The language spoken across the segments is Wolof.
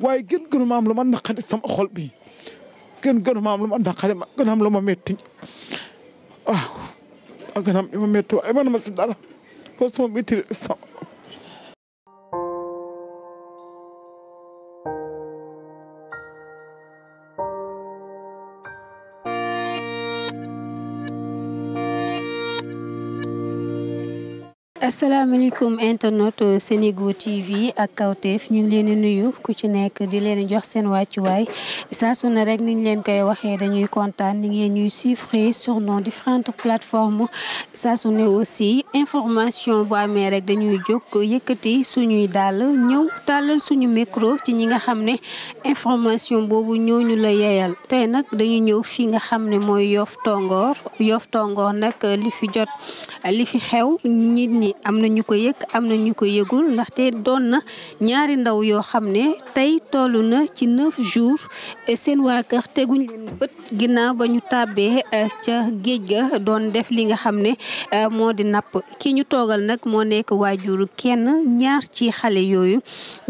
waaye gën gënu ma am lu ma naqari sama xol bi gën gënu ma am ma naqari ma gën am lu ma métti waaw ah, gën am ma métti waaye man ma si dara foofu sama métti sama asalaamaaleykum internet euh, Senego TV ak kawteef ñu ngi leen di nuyu ku ci nekk di leen jox seen wàccuwaay saa su ne rek niñ leen koy waxee dañuy kontaan ni ñuy suivre sur nos différentes plateformes saa su aussi information bu amee rek dañuy jóg yëkkati suñuy dàll ñëw tàllal suñu micro ci ñi nga xam ne information boobu ñooñu la yeyal tey nag dañu ñëw fi nga xam ne mooy Yoff Tongoor Yoff Tongoor nag li fi jot li fi xew nit ñi am na ñu ko yëg am na ñu ko yëgul ndaxte doon na ñaari ndaw yoo xam ne tey toll na ci neuf jours seen waa kër teguñ leen bët ginnaaw ba ñu tàbbee euh, ca géej ga doon def li nga xam ne euh, moo di napp ki ñu toogal nag moo nekk waajuru kenn ñaar ci xale yooyu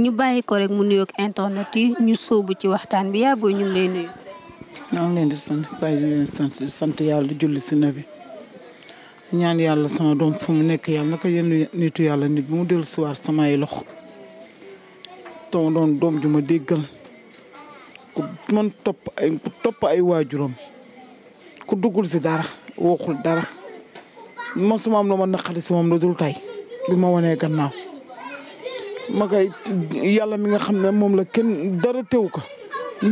ñu bàyyi ko rek mu nuyoog internet yi ñu sóobu ci waxtaan bi yaa booy ñu lay nuyu. leen di sant bàyyi leen sant sant yàlla julli si nabi ñaan yàlla sama doom fu mu nekk yàlla naka yenn nitu yàlla nit bu mu dellu siwaat samay loxo te doom ju ma déggal man topp ay ku topp ku duggul si dara waxul dara man su am lu ma naqari si moom la bi ma wanee gannaaw ma koy mi nga xam ne moom la kenn dara teew ko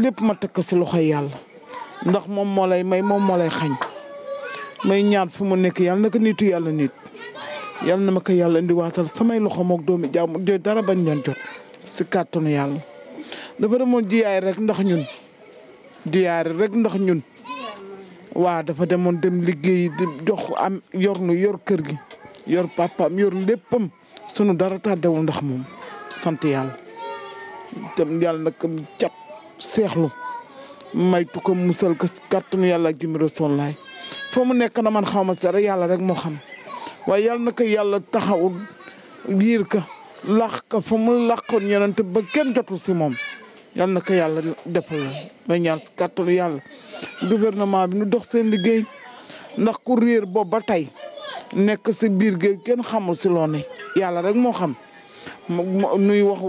lépp ma teg ko si loxoy yàlla ndax moom moo lay may moom moo lay xañ may ñaan fu mu nekk yàlla na ko nitu yàlla nit yàlla na ma ko yàlla indi waatal samay loxo mook doomi jàmm jooy dara bañ ñoon jot si kàttanu yàlla dafa demoon jiyaay rek ndax ñun jiyaare rek ndax ñun waa dafa demoon dem liggéeyi di jox am yor nu yor kër gi yor papaam yor léppam sunu dara tàddewul ndax moom sant yàlla tam yàlla nag cap seexlu maytu ko musal ko si kàttanu yàlla ak jëmmi Rasulullah fa mu nekk na man xaw ma dara yàlla rek moo xam waaye yàlla na ko yàlla taxawul biir ka laq ka fa mu laqoon yonent ba kenn jotul si moom yàlla na ko yàlla defal la may ñaan si kàttalu yàlla gouvernement bi nu dox seen liggéey ndax ku réer boobu ba tey nekk si biir géej kenn xamul si loo ne yàlla rek moo xam nuy wax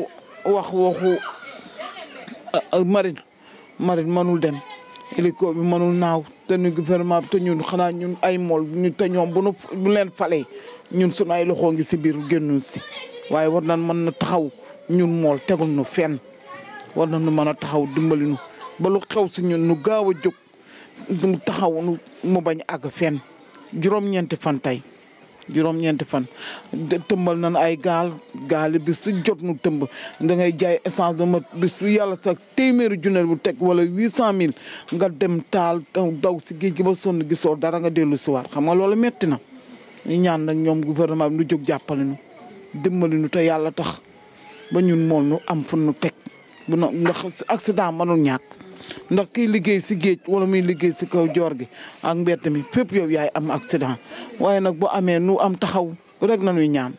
wax waxu euh, euh, marin marine mënul dem hélico bi mënul naaw te ñu gouvernement bi te ñun xanaa ñun ay mool ñu te ñoom bu nu leen falee ñun sunu ay loxo ngi si biir génnu si waaye war nañ mën na taxaw ñun mool tegul nu fenn war nañu mën a taxaw dimbali nu ba lu xew si ñun nu gaaw a jóg mu taxaw mu bañ àgg fenn juróom-ñeenti fan tey juróom-ñeenti fan tëmbal nan ay gaal gaali bis su jot nu tëmb da ngay jaay essence de mot bis bu yàlla sax téeméeri junne bu teg wala huit cent mille nga dem taal daw si géej gi ba sonn gisoo dara nga dellu si xam nga loolu metti na ñu ñaan nag ñoom gouvernement bi nu jóg jàppale nu dimbali nu te yàlla tax ba ñun mool nu am fu nu teg bu ndax accident mënul ñàkk ndax kiy liggéey si géej wala muy liggéey si kaw joor gi a mbett mi fépp yow yaay am accident waaye nag boo amee nu am taxaw rek nañuy ñaan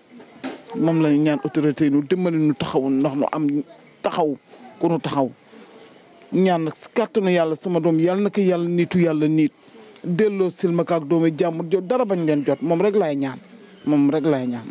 moom lañu ñaan autorité yi nu dimbali nu taxaw ndox nu am taxaw ku taxaw ñaan nag si kàttanu yàlla sama doom yàlla na ko yàlla niitu yàlla niit delloo silmakaak doomu jàmm jot dara bañ leen jot moom rek laay ñaan moom rek laay ñaan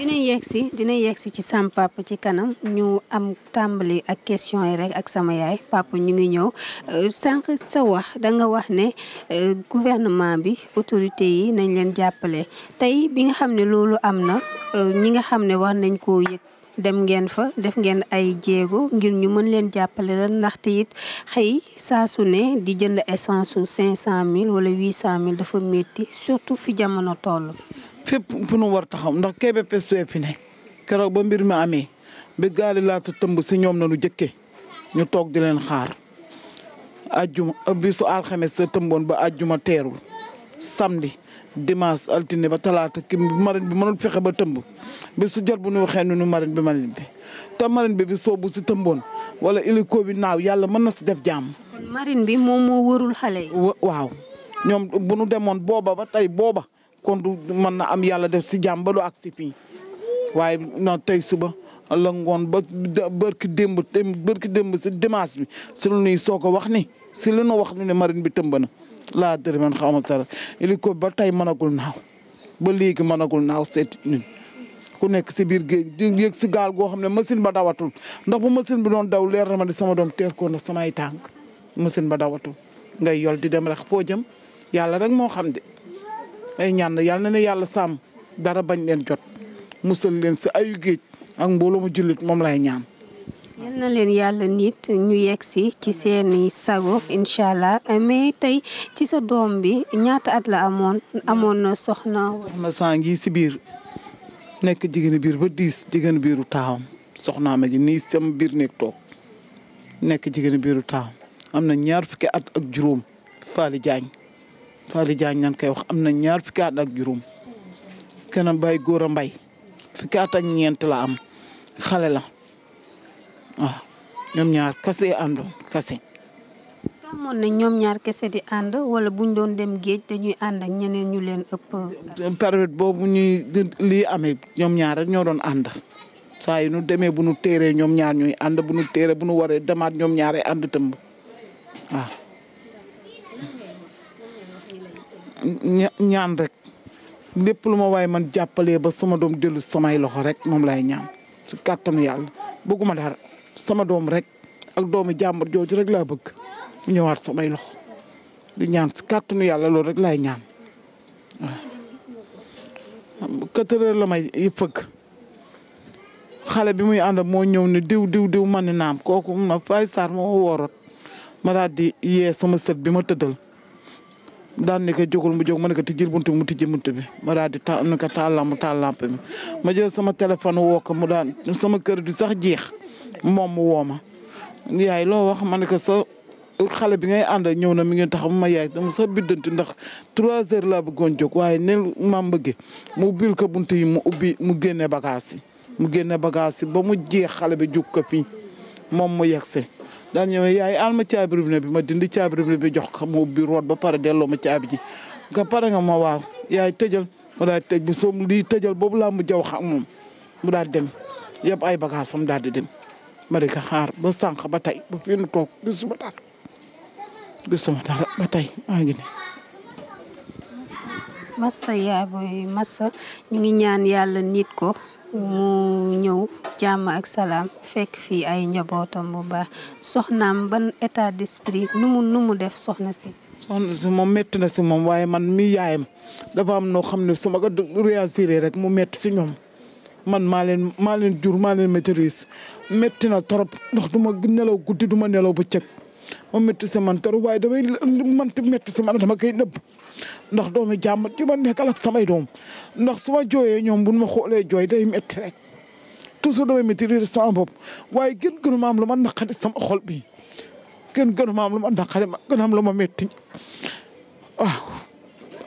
dinañ yegg si dinañ yegg si ci sam ci kanam ñu am tàmbali ak question yi rek ak sama yaay pap ñu ngi ñëw euh, sànq sa wax da nga wax ne euh, gouvernement bi autorité yi nañ leen jàppale tey bi nga xam ne loolu am na euh, ñi nga xam ne war nañ ko yëg dem ngeen fa def ngeen ay jéego ngir ñu mën leen jàppale la ndaxte it xëy saa su ne di jënd essence su cinq cent mille wala huit cent mille dafa métti surtout fi jamono toll fépp fu nu war taxaw ndax KBPS fi ne keroog ba mbir mi amee bi gaali laata si ñoom na lu jëkkee ñu toog di leen xaar. ajum bisu alxames sa tëmboon ba ajjuma teerul samdi dimanche altine ba talaata ki marine bi mënul fexe ba tëmb bi su bu ñu nu marine bi marine bi te marine bi bi soobu si tëmboon wala hélico bi naaw yàlla mën na si def jàmm. marine bi moom moo xale waaw ñoom bu nu demoon booba ba tey booba. kon man na am yàlla def si jàmm ba du ak si fii waaye non tey suba la ngoon ba bërki démb bërki démb si dimanche bi si lu nuy soog a wax ni si lu nu wax nu ne marine bi tëmb na laa dëri man xaw ma sara hélico ba tey mënagul naaw ba léegi mënagul naaw seeti ñun ku nekk si biir géej yéeg si gaal goo xam ne machine ba dawatul ndax bu machine bi doon daw leer na ma di sama doom teer ko ndax samay tànk machine ba dawatul ngay yol di dem rek foo jëm yàlla rek moo xam ay ñaan yàlla na ne yàlla sàmm dara bañ leen jot musal leen si ayu géej ak mbooloo mu jullit moom lay ñaan. yal na leen yàlla nit ñu yegg si ci seeni sago incha allah mais tey ci sa doom bi ñaata at la amoon amoon na soxna. soxna saa ngi si biir nekk jigéenu biir ba diis jigéenu biiru taawam soxnaa ma gi nii sama biir nekk toog nekk jigéenu biiru taawam am na ñaar fukki at ak juróom Faly Diagne. Faly Diagne lañ koy wax am na ñaar fukki ak juróom keneen bay góor a mbay fukki at ñeent la am xale la waaw ñoom ñaar kase àndoon kese. xamoon na ñoom ñaar kese di ànd wala buñ doon dem géej dañuy ànd ak ñeneen ñu leen ëpp. période boobu ñuy lii amee ñoom ñaar rek ñoo doon ànd saa yu nu demee bu nu téeree ñoom ñaar ñuy ànd bu nu téeree bu nu waree demaat ñoom ñaaree ànd tëmb ñaan rek lépp lu ma waaye man jàppalee ba sama doom dellu samay loxo rek moom laay ñaan si kàttanu yàlla bëgguma dara sama doom rek ak doomu jàmbar jooju rek laa bëgg ñëwaat samay loxo di ñaan si kàttanu yàlla loolu rek laay ñaan waaw. quatre heures la may fëgg bi muy ànd moo ñëw ne diw diw diw man naam kooku ma Faye Sarr moo wooroot ma daal di yee sama sët bi ma tëddal. daan ne ko jógul mu jóg ma ne ko tijjil buntu mu tijji buntu bi ma daal di taal ma ne ko taal lamp taal ma jël sama téléphone woo ko mu daan sama kër di sax jeex moom mu woo ma. yaay loo wax ma ne ko sa xale bi ngay ànd ñëw na mi ngi tax ma yaay dama sa biddanti ndax trois heures laa bëggoon jóg waaye nel ma mbëgge mu bil ko bunt yi mu ubbi mu génne bagage yi mu génne bagage yi ba mu jeex xale bi jóg ko fii moom mu yegg daal ñëwee yaay aal ma caabi robinet bi ma dindi caabi robinet bi jox ko mu ubbi ba pare delloo ma caabi ji nga pare nga ma waaw yaay tëjal mu daal tëj bi soom lii tëjal boobu laa mu jaw xam moom mu daal dem yëpp ay bagages am daal di dem ma di ko xaar ba sànq ba tey ba fi toog gisuma dara gisuma dara ba tey maa ngi ne massa yaay booy ñu ngi ñaan yàlla nit ko mu ñëw jàmm ak salaam fekk fii ay njabootam bu baax soxnaam ban état d'esprit nu mu nu mu def soxna si. soxna si moom métti na si moom waaye man mi yaayam dafa am noo xam ne suma ma ko réagir rek mu métti si ñoom man maa leen maa leen jur maa leen maîtrise métti na trop ndax du ma nelaw guddi du ma nelaw bëccëg. ma métti si man trop waaye damay man métti si man dama koy nëbb ndax doomi jàmm di ma nekkal ak samay doom ndax suma ma jooyee ñoom bu ma xoolee jooy day métti rek toujours damay métti riir sama bopp waaye gën gënu ma am lu ma naqari sama xol bi gën gënu ma am lu ma naqari ma gën am lu ma métti waaw.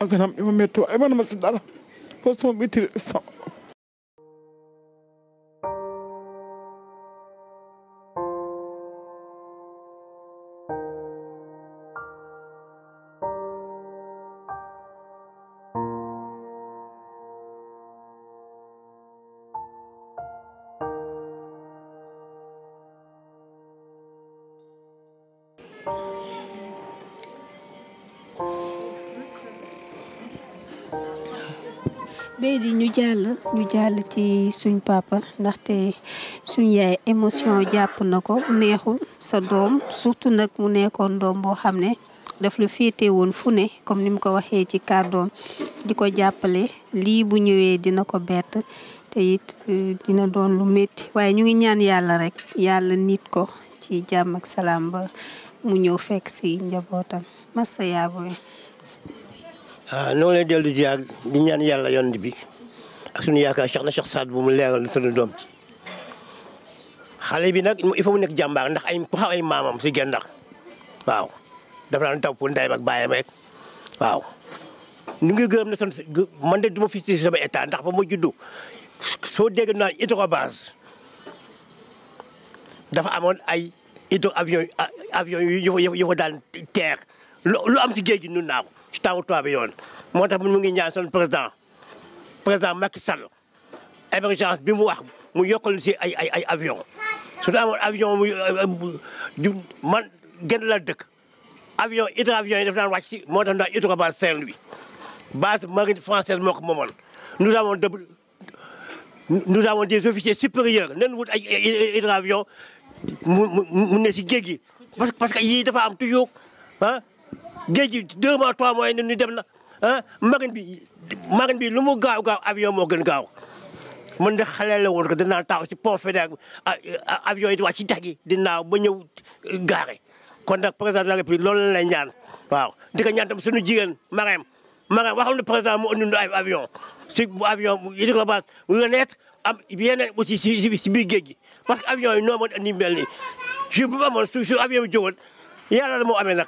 ak gën am lu ma métti waaye man ma si dara ba sama métti riir sama bay di ñu jàll ñu jàll ci suñ pàppa ndaxte suñ yaay émotion jàpp na ko neexul sa doom surtout nag mu nekkoon doom boo xam ne daf la féete woon fu ne comme ni mu ko waxee ci kàddoom di ko jàppale lii bu ñëwee dina ko bett te it euh, dina doon lu métti waaye ñu ngi ñaan yàlla rek yàlla nit ko ci jàmm ak salaam ba mu ñëw fekk si njabootam massa yaaboy waaw ah, noo lay dellu ziar di ñaan yàlla yonent bi ak suñu yaakaar Cheikh na Cheikh Saad bu mu leeral sunu doom ci xale bi nag il faut mu nekk jàmbaar ndax ay ku xaw ay maamam si gendax waaw dafa daan taw pour ak bàyyam ñu ngi gërëm ne man de fii sama état ndax ba ma juddu soo dégg naan hydrobase dafa amoon ay hydro avion avion yu yu fa daan teer lu am si géej gi nun naa ci taawu tubaab yi moo tax mu ngi ñaan son président président Macky Sall émergence bi mu wax mu yokkal si ay ay ay avion su ñu amoon avion mu man gën la dëkk avion hydro avion yi daf daan wàcc moo tax ndax hydro base Saint-Louis base marine française moo ko moomoon nous avons des officiers supérieurs nen wut ay avion mu ne si géej gi parce que parce que yii dafa am géej gi deux mois trois mois yi nu dem na ah marine bi marine bi lu mu gaaw gaaw avion moo gën gaaw mën de xale la woon ko dinaa si pont Faidherbe avion yi di wàcc ci dex gi di naaw ba ñëw eh, gaare kon nag président de la république loolu la lay ñaan waaw di ko ñaan tam suñu jigéen Marème Marème waxam ne président mu indi ay avion si avion yi di ko baas mu nga nekk am yeneen aussi si biir géej gi parce que avion yi noo mën indi mel nii su bu amoon su avion bi jógoon yàlla la moo amee nag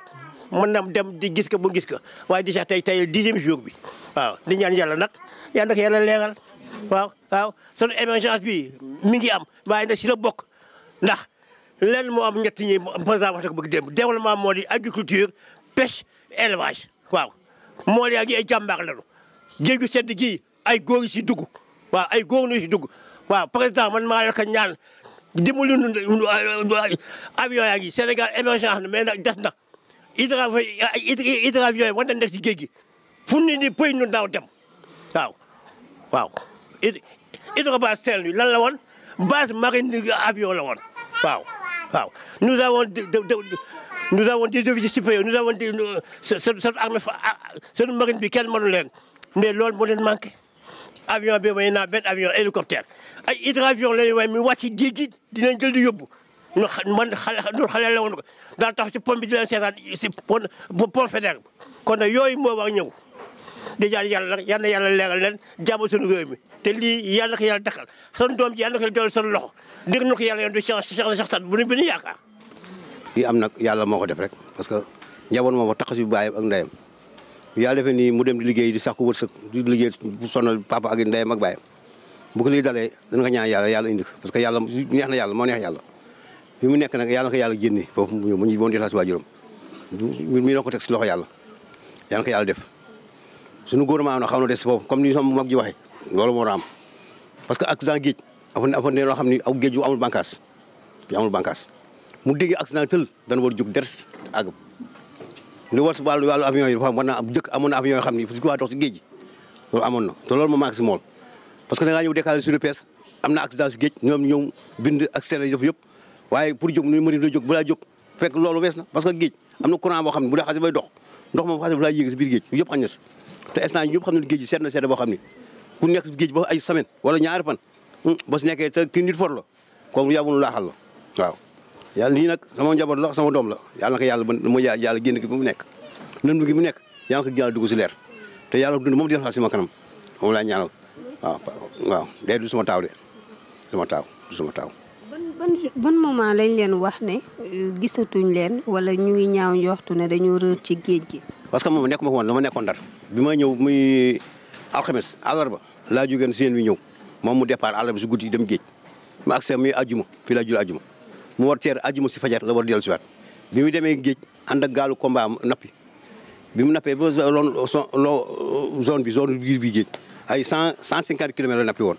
mën na dem di gis ko bu gis ka waaye déjà tey tey dixième jour bi waaw di ñaan yàlla nag yàlla nag yàlla leeral waaw waaw sunu émergence bi mi ngi am waaye nag si la bokk ndax lenn moo am ñett ñi président wax na ko bëgg démb développement moo di agriculture pêche élevage waaw moo yaa ngi ay jàmbaar lañu géeju sedd gi ay góor yu si dugg waaw ay góor yu si dugg waaw président man maa la ko ñaan dimbali nu avion yaa ngi Sénégal émergence na mais nag des na hydra hydravion yi war nañ def ci géej gi fu ni ni pëy nu daaw dem waaw waaw hydrobase Saint-Louis lan la woon base marine avion la woon waaw nu nous avons nous avons des officiers supérieurs nous avons des seen armée seen ah, marine bi kenn mënu leen mais lool moo leen manqué avion be may naa benn avion hélicoptère ay hydravion lañu way mi wàcc géej gi dinañ jël di yóbbu ñu man xale ñun la woon ko daan tax ci pom bi di leen seetaan si pont pont Faidherbe kon yooyu moo wax ñëw di jaar yàlla nag yal yàlla leeral leen jàmm suñu réew mi te lii yal na ko yàlla taxal sunu doom ji yal na ko doon sunu loxo dégg na ko yàlla yoon du Cheikh Cheikh Cheikh Saad bu nu bu nu moo ko def rek parce que njaboot moo ko tax si baayam ak ndeyam yàlla defee nii mu dem di liggéey di sàkku wërsëg di liggéey bu sonal papa ak ndeyam ak baayam bu lii dalee dana ko ñaan yàlla yàlla indi parce que yàlla neex na yàlla moo neex yàlla fi mu nekk nag yàlla na ko yàlla génne foofu mu ñu boon jotaas waajuram mi ngi ko teg si loxo yàlla yàlla na ko yàlla def suñu gouvernement na xaw na des foofu comme ni sama mag ji waxee loolu moo am parce que accident géej afa afa ne loo xam ni aw géej amul bànqaas yu amul bànqaas mu déggee accident tël dana war jug der àgg lu war si wàllu wàllu avion yi dafa man naa am jëkk amoon na yoo xam ne su ko waa dox si géej gi loolu amoon ma maag parce que da ngaa ñëw décalé sur le PS am na géej ñoom ñëw bind ak seen yëpp yëpp waaye pour jóg nu mëri la jóg balaa jóg fekk loolu wees na parce que géej am na courant boo xam ne bu dee xase bay dox ndox moom xase balaa yéeg si biir géej yëpp xañ na si te instant yi ñëpp xam ne géej yi seet na seet boo xam ne ku nekk si géej ba ay semaine wala ñaari fan ba si nekkee te kii nit for la kon yàbbunu laaxal la waaw yàlla lii nag sama njaboot la sama doom la yàlla na ko yàlla ba mooy yàlla génn ki bu mu nekk nënd gi mu nekk yàlla na ko yàlla dugg si leer te yàlla dund moom di xaar si ma kanam moom laa ñaanal waaw waaw day du sama taaw de sama taaw du sama taaw ban ban moment lañ leen wax ne euh, gisatuñ leen wala ñu ngi ñaaw njoxtu ne dañoo réer ci géej gi. parce que moom nekkuma ko woon dama nekkoon ndar bi ma ñëw muy alxames àllarba laa jógeen seen wi ñëw moom mu départ àllarba si guddi dem géej ma accès muy ajuma fii laa jul ajuma mu war teer ajuma si fajar la war dellu siwaat bi mu demee géej ànd ak gaalu kombaam nappi bi mu nappee ba zone bi zone bi géej ay cent cent cinquante kilomètres la nappi woon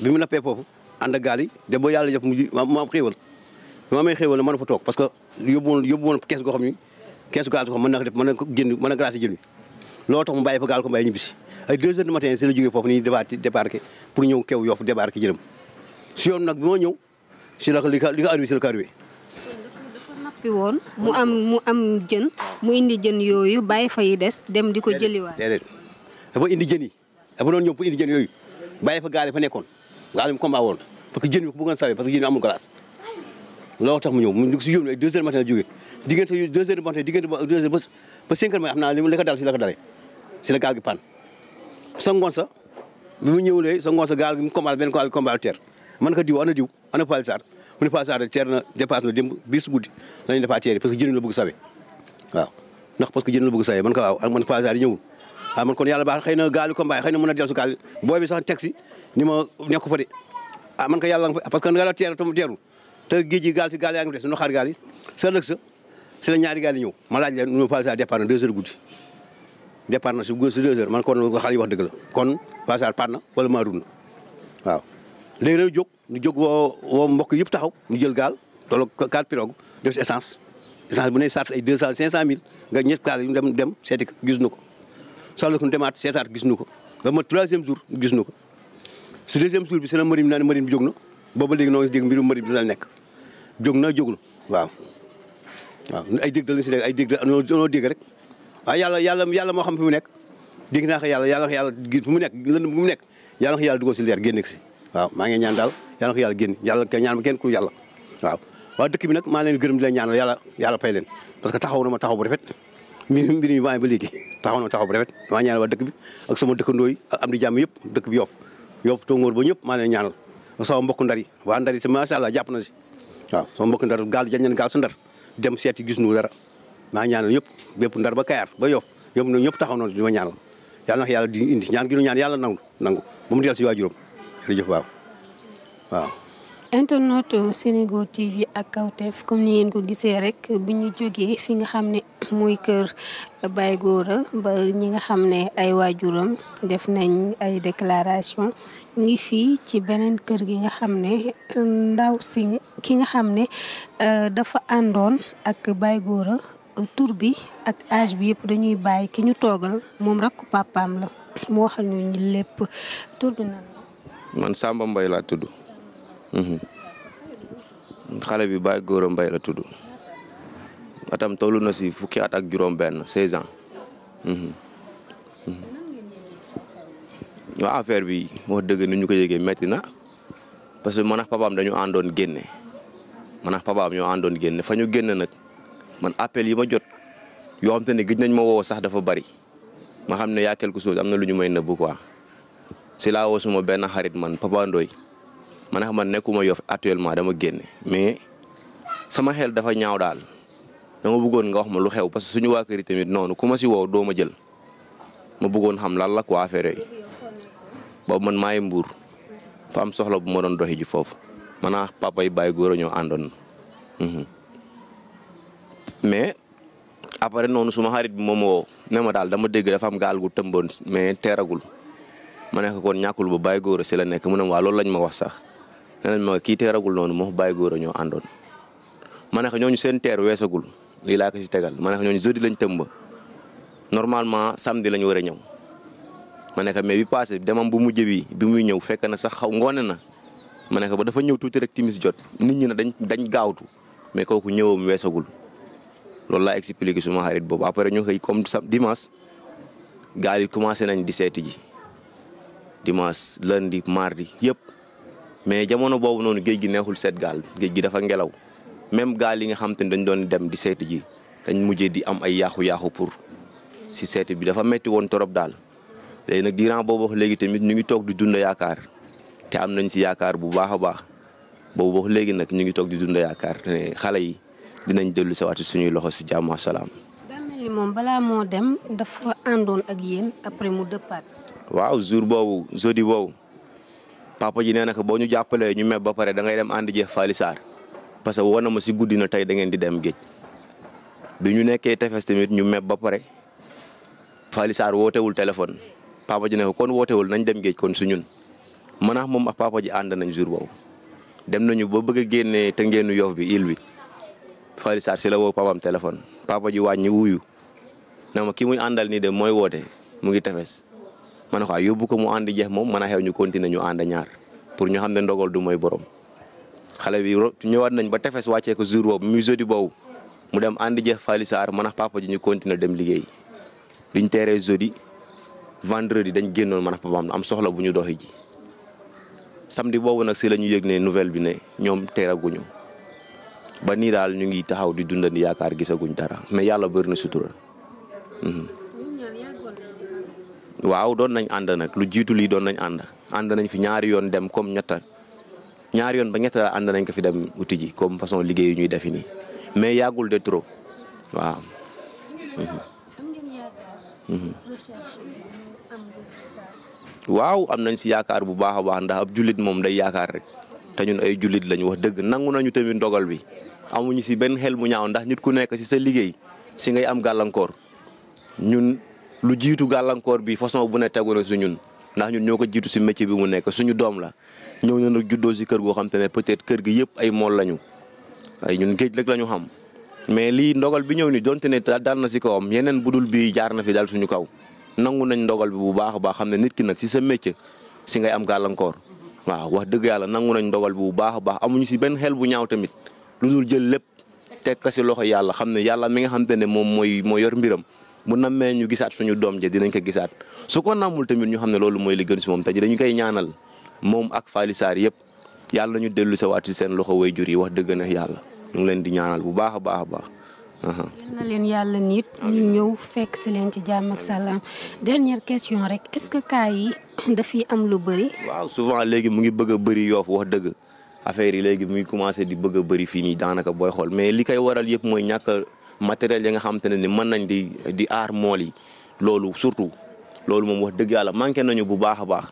bi mu nappee foofu. ànd ak gaal yi dem ba yàlla def mu ma am xéewal ma amee xéewal ne mën fa toog parce que yóbbu woon yóbbu kees goo xam ni kees gaal goo xam mën na ko def mën na ko jënd mën loolu tax mu bàyyi fa gaal pour ñëw kew yoofu débarqué jërëm nag bi moo ñëw si li ka li ka arrivé mu am mu am jën mu indi jën yooyu bàyyi fa yi des dem di ko jëliwaat déedéet dafa indi jën yi dafa doon ñëw pour indi yooyu bàyyi fa gaal yi nekkoon gaal yi mu combat woon parce que jën bi amul glace loolu tax mu ñëw mu si yóbbu ay deux heures matin la jógee diggante yu deux heures matin diggante ba deux heures ba cinq heures mu la ko dal si la ko dalee si la gaal gi pan sa ngoon sa bi mu ñëwlee sa ngoon sa gaal gi mu combat benn guddi lañu defaa teer parce que jën la bëgg sawee waaw ndax parce que jën la bëgg sawee man kon yàlla baax xëy na gaal gi combat na mën a dellu gaal booy sax taxi ni ma nekk fa de ah man ko yàlla nga fa parce que ngelaw teer tam teerul te géej gi gaal si gaal yaa ngi des nu xaar gaal yi sa lëg sa si la ñaari gaal yi ñëw ma laaj la ñu Palliser départ na deux heures guddi départ si guddi si man kon xale yi wax dëgg la kon Palliser pat na wala maarun na waaw léegi dañu jóg ñu jóg woo woo mbokk yëpp taxaw ñu jël gaal tolloog quatre pirogues de si essence essence bu ne sart ay deux cent cinq cent nga ñett gaal yu dem dem seeti gis nu ko soxla ko gis nu ko ba ma troisième jour gis nu ko su deuxième jour bi si la marine bi naan marine bi jóg na booba léegi noo ngi si dégg mbirum marine bi la nekk jóg na jógul waaw waaw ay dégg la si nekk ay dégg la noo dégg rek waaw yàlla yàlla yàlla moo xam fi mu nekk dégg naa ko yàlla yàlla mu nekk lan fu mu nekk yàlla ko yàlla dugal si leer génn si waaw maa ngi ñaan daal yàlla ko yàlla génn kenn ku yàlla waaw waa dëkk bi nag maa leen gërëm di leen ñaanal yàlla yàlla fay leen parce que taxaw na ma taxaw bu rafet mbir mbir mi ba léegi taxaw na ma taxaw bu rafet maa ñaanal waa dëkk bi ak sama dëkkandoo yi am di jàmm yëpp dëkk bi Yoff yóbbu tóngoor ba ñëpp maa la ñaanal sama mbokk ndar yi waa ndar yi te macha allah jàpp na si waaw sama mbokk ndar gaal jañ leen gaal sa ndar dem seeti gis nu dara maa ñaanal ñëpp bépp ndar ba kayaar ba yof yëpp na ñëpp taxaw noonu di ma ñaanal yàlla na yàlla di indi ñaan gi nu ñaan yàlla nangu nangu ba mu del si waajuram waaw internet Sénégo TV ak Kawtef comme ni ngeen ko gisee rek bi ñu jógee fi nga xam ne mooy kër Baye Gora ba ñi nga xam ne ay waajuram def nañ ay déclaration ngi fii ci beneen kër gi nga xam ne ndaw si ki nga xam ne euh, dafa àndoon ak Baye Gora bi ak âge bi yëpp dañuy bàyyi ki ñu toogal moom rek pàppam la mu waxal ñu lépp tur bi la. man Samba Mbaye laa tudd. Mm-hmm. xale bi Baye Gora Mbaye la tudd atam tollu na si fukki at ak juróom-benn 16 ans. Mm-hmm. Mm-hmm. waaw affaire bi wax dëgg ni ñu ko yëgee metti na parce que man ak papaam dañu àndoon génne man ak papaam ñoo àndoon génne fa ñu génne nag man appel yi ma jot yoo xam te ne gëj nañ ma wow sax dafa bari ma xam ne yaa quelque chose am na lu ñu may nëbbu quoi si laa woo suma benn xarit man Papa ma ne man nekkuma yof actuellement dama génne mais sama xel dafa ñaaw daal dama bëggoon nga wax ma lu xew parce que suñu waa kër yi tamit noonu ku ma si woo doo ma jël ma buggoon xam lan la ko affaire yi man maay mbuur fa am soxla bu ma doon doxi ji foofu maanaa papa yi góor a ñoo àndoon mhm. mais après noonu suma xarit bi moom woo ne ma daal dama dégg dafa am gaal gu tëmboon mais teeragul ma nekk kon ñàkkul ba bàyyi góor a si la nekk mu a waa loolu lañ ma wax sax nee nañ ma kii teeragul noonu moo bàyyi góor a ñoo àndoon ma ne ko ñooñu seen teer weesagul lii laa ko si tegal ma ne ko ñooñu jeudi lañ tëmba normalement samedi lañ war a ñëw ma ne mais bi passé demam bu mujj bi bi muy ñëw fekk na sax xaw ngoone na ma ne ko ba dafa ñëw tuuti rek timis jot nit ñi ne dañ dañ gaawtu mais kooku ñëwam weesagul loolu laa explique suma xarit boobu après ñu xëy comme sam dimanche gaal yi commencé nañ di seeti ji dimanche lundi mardi yëpp. mais jamono boobu noonu géej gi neexul seet gaal géej gi dafa ngelaw même gaal yi nga xam te ne doon dem di seeti ji dañ mujjee di am ay yaaxu-yaaxu pour si seeti bi dafa metti woon trop daal. léegi nag diiran boobu wax léegi tamit ñu ngi toog di dund yaakaar te am nañ si yaakaar bu baax a baax boobu wax léegi nag ñu ngi toog di dund yaakaar ne xale yi dinañ dellu sa waat suñuy loxo si jàmm ak salaam. li moom balaa moo dem dafa àndoon ak yéen après mu dëppaat. waaw jour boobu jeudi boobu. papa ji nee na boo ñu jàppalee ñu meb ba pare da dem ànd jeex Faly Sarr parce que woo na si guddina na tey da di dem géej bi ñu nekkee tefes tamit ñu meb ba pare Faly Sarr wootewul téléphone papa ji ne ko kon wootewul nañ dem géej kon su ñun man moom a papa ji ànd nañ jur boobu dem nañu ba bëgg a génnee te ngeenu yof bi île bi Faly Sarr si la woo papam téléphone papa ji wàññi wuyu na ma ki muy àndal nii de mooy woote mu ngi tefes. mana ne ah, yóbbu ko mu àndi jeex moom mën a xew ñu continuer ñu ànd ñaar pour ñu xam ne ndogal du mooy borom xale bi ñëwaat nañ ba tefes wàccee ko jour boobu muy jeudi mu dem àndi jeex Fally Sarr man ak papa ji ñu continuer dem liggéey biñ teeree jeudi vendredi dañ génnoon man ak papaam am soxla bu ñu doxi ji samedi boobu nag si la ñu yëg ne nouvelle bi ne ñoom teeraguñu ba nii daal ñu ngi taxaw di dunda dundandi yaakaar gisaguñ dara mais yàlla bëri na sutura. Mhm. waaw doon nañ ànd nag lu jiitu lii doon nañ ànd ànd nañ fi ñaari yoon dem comme ñetta ñaari yoon ba ñetta la ànd nañ ko fi dem uti ji comme façon liggéey ñuy defi nii mais yàggul de trop mhm. waaw. am nañ si yaakaar bu baax a baax ndax ab jullit moom day yaakaar rek te ñun ay jullit lañu wax dëgg nangu nañu tamit ndogal bi amuñu si benn xel mu ñaaw ndax nit ku nekk si sa liggéey si ngay am gàllankoor ñun. lu jiitu gàllankoor bi façon bu ne tegu na su ñun ndax ñun ñoo ko jiitu si métier bi mu nekk suñu doom la ñëw na nag juddoo si kër goo xam ne peut-être kër gi yëpp ay mool lañu ay ñun géej rek la ñu xam mais lii ndogal bi ñëw ni donte ne dal na si kawam yeneen budul bi jaar na fi dal suñu kaw nangu nañ ndogal bi bu baax a baax xam ne nit ki nag si sa métier si ngay am gàllankoor waaw wax dëgg yàlla nangu nañ ndogal bi bu baax a baax amuñu si benn xel bu ñaaw tamit lu dul jël lépp teg ko si loxo yàlla xam ne yàlla mi nga xam ne moom mooy moo yor mbiram mun na nammee ñu gisaat suñu doom ja dinañ ko gisaat su ko namul tamit ñu xam ne loolu mooy li gën si moom te dañu koy ñaanal moom ak Faly Sarr yëpp yàlla ñu dellu sa waat seen loxo way jur yi wax dëgg na yàlla ñu ngi leen di ñaanal bu baax a baax a baax. yal na yàlla nit ñëw fekk si leen ci jàmm ak salaam dernière question rek est-ce que cas yi dafiy am lu bëri. waaw souvent léegi mu ngi bëgg a bëri yoof wax dëgg affaire yi léegi mu ngi commencé di bëgg a bëri fii nii daanaka booy xool mais li koy waral yëpp mooy ñàkk matériel yi nga xamante ne ni mën nañ di di aar mool yi loolu surtout loolu moom wax dëgg yàlla manqué nañu bu baax a baax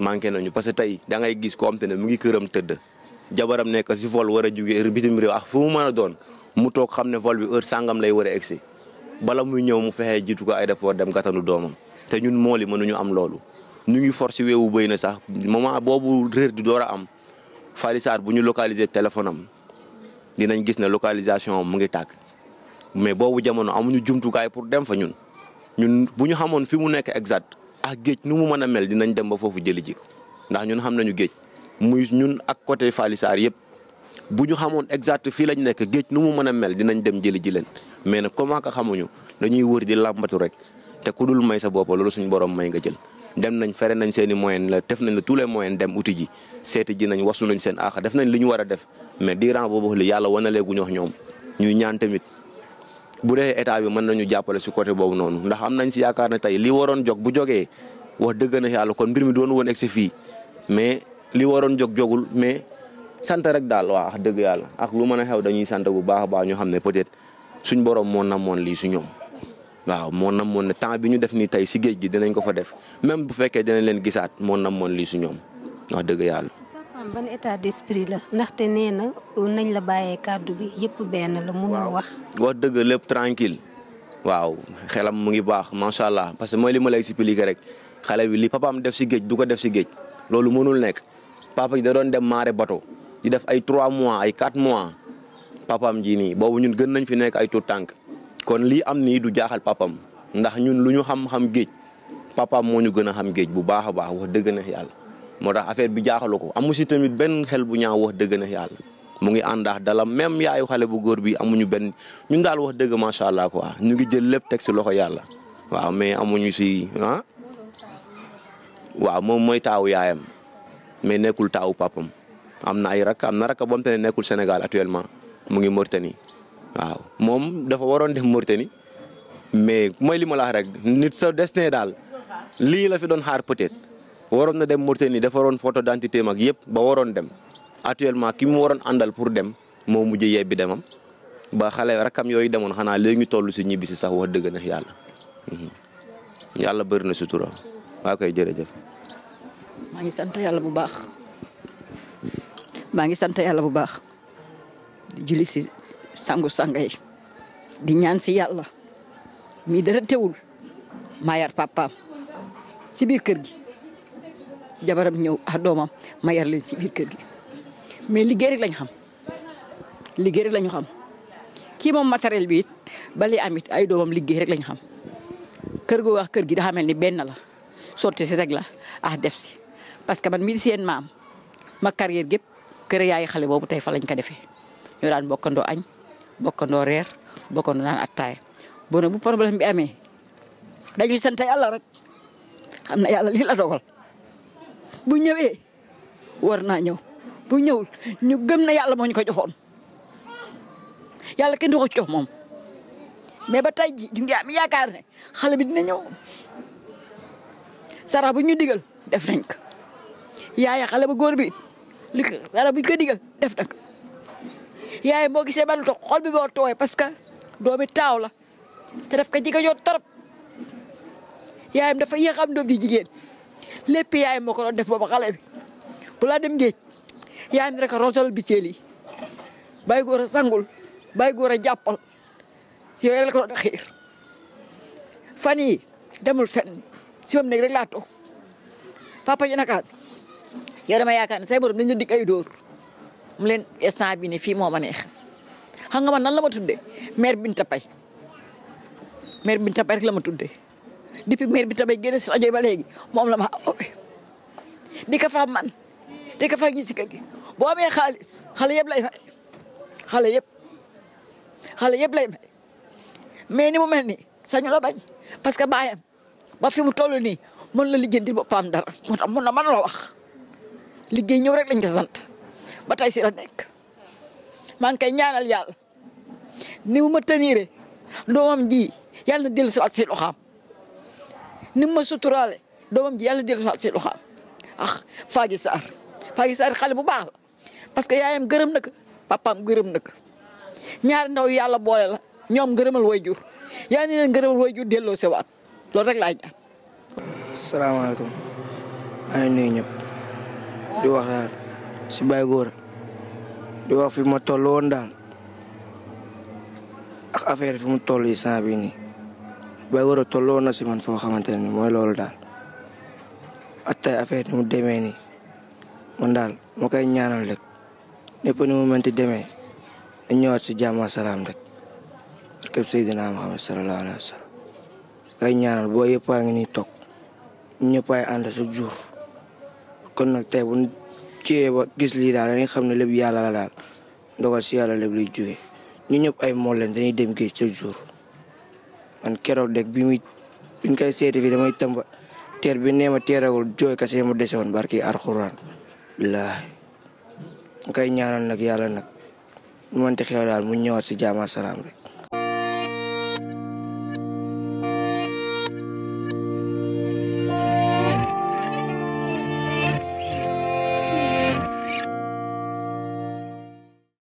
manqué nañu parce que tey da ngay gis koo ne mu ngi këram tëdd jabaram nekk si vol war a jugee bitim réew ak fu mu mën a doon mu toog xam ne vol bi heure sangam lay war a egsi bala muy ñëw mu fexee jiitu ko aéroport dem gàttanu doomam te ñun mool yi mënuñu am loolu ñu ngi force weewu béy na sax moment boobu réer di door a am Fally bu ñu localiser téléphone am dinañ gis ne localisation mu ngi tàkk mais boobu jamono amuñu jumtukaay pour dem fa ñun ñun bu ñu xamoon fi mu nekk exact ak ah géej nu mu mën a mel dinañ dem ba foofu jëli ji ko ndax ñun xam nañu géej muy ñun ak côté Falisaar yëpp bu ñu xamoon exact fii lañ nekk géej nu mu mën a mel dinañ dem jëli ji leen mais nag comment que xamuñu dañuy wër di làmbatu rek te ku dul may sa bopp loolu suñu borom may nga jël. dem nañ fere nañ seen i moyen la def nañ la tous les moyens dem uti ji seeti ji nañ wasu nañ seen aax def nañ li ñu war def mais diiran boobu li yàlla wanaleegu ñoox ñoom ñuy ñaan tamit bu dee état bi mën nañu jàppale si côté boobu noonu ndax am nañ si yaakaar ne tey li waroon jog bu jogee wax dëgg na yàlla kon mbir mi doon woon egg si fii mais li waroon jog jogul mais sant rek daal waa wax dëgg yàlla ak lu mën a xew dañuy sant bu baax a baax ñu xam ne peut-être suñ borom moo moon lii su ñoom. waaw moo moon ne temps bi ñu def nii tey si géej gi dinañ ko fa def même bu fekkee dinañ leen gisaat moo moon lii su ñoom wax dëgg yàlla. xam ban état d'esprit la ndaxte nee na euh, nañ la bàyyee kàddu bi yëpp benn la. munoo wax wax dëgg lépp tranquille waaw xelam mu ngi baax macha allah parce que mooy li ma lay expliquer rek xale bi li papaam def si géej du ko def si géej loolu mënul nekk papa ji da doon dem marée bateau di def ay trois mois ay 4 mois papam ji nii boobu ñun gën nañ fi nekk ay tout tànk kon lii am nii du jaaxal papam ndax ñun lu ñu xam-xam géej papam moo ñu gën a xam géej bu baax a baax wax dëgg na yàlla. moo tax affaire bi jaaxalu ko amu si tamit benn xel bu ñaaw wax dëgg na yàlla mu ngi àndaax dala même yaayu xale bu góor bi amuñu benn ñu ngi daal wax dëgg macha allah quoi ñu ngi jël lépp teg si loxo yàlla waaw mais amuñu si ah waaw moom mooy taawu yaayam mais nekkul taawu papam am na ay rakk am na rakk boo xamante nekkul Sénégal actuellement mu ngi ni waaw moom dafa waroon def Mauritanie mais mooy li ma la rek nit sa destin daal lii la fi doon xaar peut-être waroon na dem Mauritanie defaroon photo d'identité mag yëpp ba waroon dem actuellement ki mu waroon àndal pour dem moo mujj yebbi demam ba xale rakkam yooyu demoon xanaa léegi ñu toll si ñibbi si sax wax dëgg na yàlla mhm. na sutura waa koy jërëjëf. maa ngi sant yàlla bu baax maa ngi sant yàlla bu baax di julli si sangu sangay di ñaan si yàlla mi dara teewul maa yar papaam si biir kër gi. jabaram ñëw ah doomam ma yar leen ci kër gi mais liggéey rek lañ xam liggéey rek lañu xam kii moom matériel bi it bali am it ay doomam liggéey rek lañ xam kër goo wax kër gi dafa ni benn la sotti si rek la ah def si parce que man mii maam ma carrière gépp kër yaay xale boobu tey fa lañ ko defee ñoo daan bokkandoo añ bokkandoo reer bokkandoo naan attaaya bon bu problème bi amee dañuy sant yàlla rek am na yàlla lii la dogal bu ñëwee war naa ñëw bu ñëwul ñu gëm na yàlla moo ñu ko joxoon yàlla kenn du ko jox moom mais ba tey ji ñu ngi am yaakaar ne xale bi dina ñëw sara bu ñu digal def nañ ko yaaya xale bu góor bi li ko sara bu ñu ko digal def nañ ko yaaya boo gisee balu toog xol bi boo tooy parce que doomi taaw la te def ko jigéen ñoo torop yaayam dafa yéex am doom ji jigéen lépp yaay moo ko doon def boobu xale bi bu laa dem géej yaay mi rek a rootal biteel yi bàyyi a sangul bàyyi góor a jàppal si yooyu rek la ko xiir fan yi demul si moom nekk rek laa toog papa ji nakaat yow dama yaakaar ne say borom dañu la mu leen instant bi ne fii moo ma neex xam nga man nan la ma tuddee mère Binta Paye mère Binta Paye rek la ma tuddee depuis maire bi tamit génn si rajoy ba léegi moom la ma oowee di ko fa man di ko fa ñi si kër gi boo amee xaalis xale yëpp lay may xale yëpp xale yëpp lay may mais ni mu mel ni sañu la bañ parce que baayam ba fi mu toll nii mën la lijjanti boppam dara moo tax mën na mën la wax liggéey ñëw rek lañ ko sant ba tey si la nekk maa ngi koy ñaanal yàlla ni mu ma tëniire doomam ji yàlla na dellu si waat si ni ma suturaale doomam ji yàlla dellu si si loxaam ah Faagi Sarr Faagi Sarr xale bu baax parce que yaayam gërëm na ko gërëm na ñaari ndaw yàlla boole la ñoom gërëmal way jur yaa ni leen gërëmal jur delloo sewaat loolu rek laa ñaan. salaamaaleykum maa ngi nuyu ñëpp di wax si Baye Gora di wax fi ma toll woon daal ak affaire fi mu toll yi bay war a tolloo na si man foo xamante ni mooy loolu daal ak tey affaire ni mu demee nii man daal moo koy ñaanal rek ñëpp ni mu mënti demee dañ ñëwaat si jàmm ak rek barkeb Seydina Muhammad sallallahu alayhi wa sallam kay ñaanal boo yëpp a ngi nii toog ñëpp ay ànd jur kon nag tey bu ñu ciyee gis lii daal dañuy xam ne lépp yàlla daal ndogal si yàlla lépp luy jógee ñu ñëpp ay mool leen dañuy dem géej sa jur man keroog deg bi muy biñ koy seeti fii damay tëmba teer bi nee ma teeragul jooy kase ma dese woon barki alxuraan billaahi nga koy ñaanal nag yàlla nag lu mënti xew daal mu ñëwaat si jaama salaam rek